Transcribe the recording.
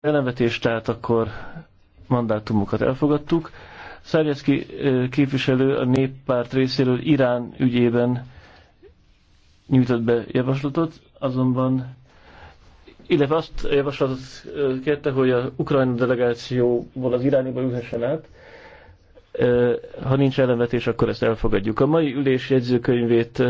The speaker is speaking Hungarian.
Ellenvetés, tehát akkor mandátumokat elfogadtuk. Szerjeszki képviselő a néppárt részéről Irán ügyében nyújtott be javaslatot, azonban illetve azt javaslatot kérte, hogy a ukrajna delegációból az irányba ülhessen át. Ha nincs ellenvetés, akkor ezt elfogadjuk. A mai ülés jegyzőkönyvét